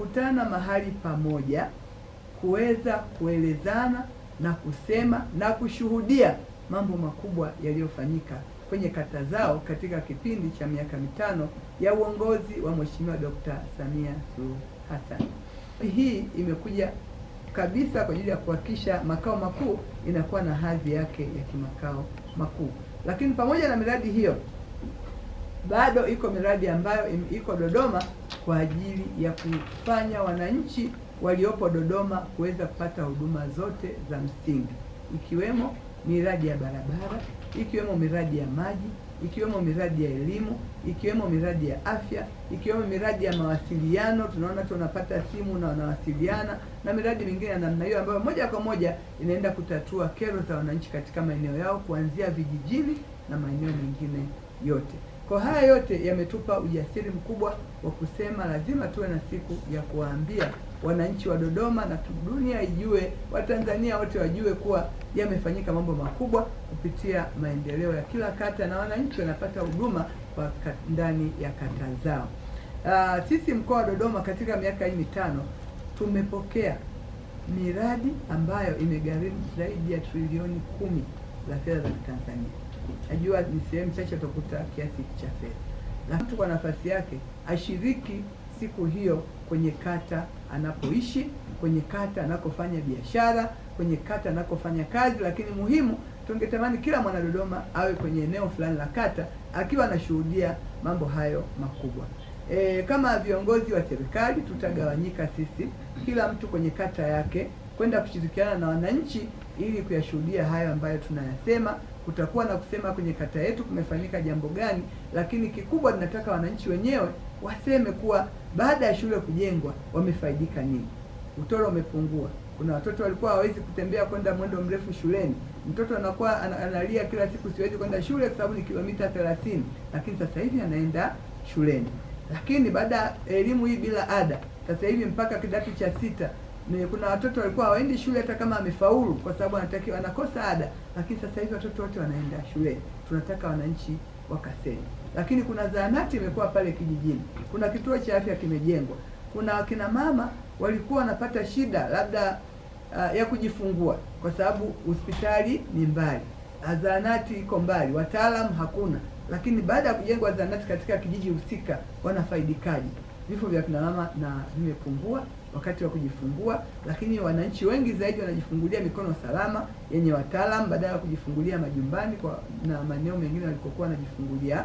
kutana mahali pamoja kuweza kuelezana na kusema na kushuhudia mambo makubwa yaliyofanyika kwenye kata zao katika kipindi cha miaka mitano ya uongozi wa Mheshimiwa Dr. Samia Suluhu Hassan. Hii imekuja kabisa kwa ajili ya kuhakikisha makao makuu inakuwa na hadhi yake ya kimakao makuu. Lakini pamoja na miradi hiyo, bado iko miradi ambayo iko Dodoma kwa ajili ya kufanya wananchi waliopo Dodoma kuweza kupata huduma zote za msingi ikiwemo miradi ya barabara, ikiwemo miradi ya maji, ikiwemo miradi ya elimu, ikiwemo miradi ya afya, ikiwemo miradi ya mawasiliano. Tunaona tunapata simu na wanawasiliana na miradi mingine ya namna hiyo ambayo moja kwa moja inaenda kutatua kero za wananchi katika maeneo yao kuanzia vijijini na maeneo mengine yote. Kwa haya yote yametupa ujasiri mkubwa wa kusema lazima tuwe na siku ya kuwaambia wananchi wa Dodoma na dunia ijue, Watanzania wote wajue kuwa yamefanyika mambo makubwa kupitia maendeleo ya kila kata na wananchi wanapata huduma kwa ndani ya kata zao. Uh, sisi mkoa wa Dodoma katika miaka hii mitano tumepokea miradi ambayo imegharimu zaidi ya trilioni kumi za fedha za Tanzania najua ni sehemu chache atakuta kiasi cha fedha, na mtu kwa nafasi yake ashiriki siku hiyo kwenye kata anapoishi, kwenye kata anakofanya biashara, kwenye kata anakofanya kazi. Lakini muhimu, tungetamani kila mwana Dodoma awe kwenye eneo fulani la kata akiwa anashuhudia mambo hayo makubwa. E, kama viongozi wa serikali tutagawanyika sisi, kila mtu kwenye kata yake kwenda kushirikiana na wananchi ili kuyashuhudia hayo ambayo tunayasema. Kutakuwa na kusema kwenye kata yetu kumefanyika jambo gani, lakini kikubwa tunataka wananchi wenyewe waseme kuwa baada ya shule kujengwa wamefaidika nini. Utoro umepungua. Kuna watoto walikuwa hawawezi kutembea kwenda mwendo mrefu shuleni. Mtoto anakuwa analia kila siku, siwezi kwenda shule kwa sababu ni kilomita 30, lakini sasa hivi anaenda shuleni. Lakini baada ya elimu hii bila ada, sasa hivi mpaka kidato cha sita ni kuna watoto walikuwa hawaendi shule hata kama amefaulu, kwa sababu anatakiwa anakosa ada, lakini sasa hivi watoto wote wanaenda shule. Tunataka wananchi wakaseme. Lakini kuna zahanati imekuwa pale kijijini, kuna kituo cha afya kimejengwa, kuna wakina mama walikuwa wanapata shida labda uh, ya kujifungua kwa sababu hospitali ni mbali, zahanati iko mbali, wataalamu hakuna. Lakini baada ya kujengwa zahanati katika kijiji husika, wanafaidikaji vifo vya kina mama na vimepungua wakati wa kujifungua, lakini wananchi wengi zaidi wanajifungulia mikono salama yenye wataalamu badala ya kujifungulia majumbani kwa na maeneo mengine walikokuwa wanajifungulia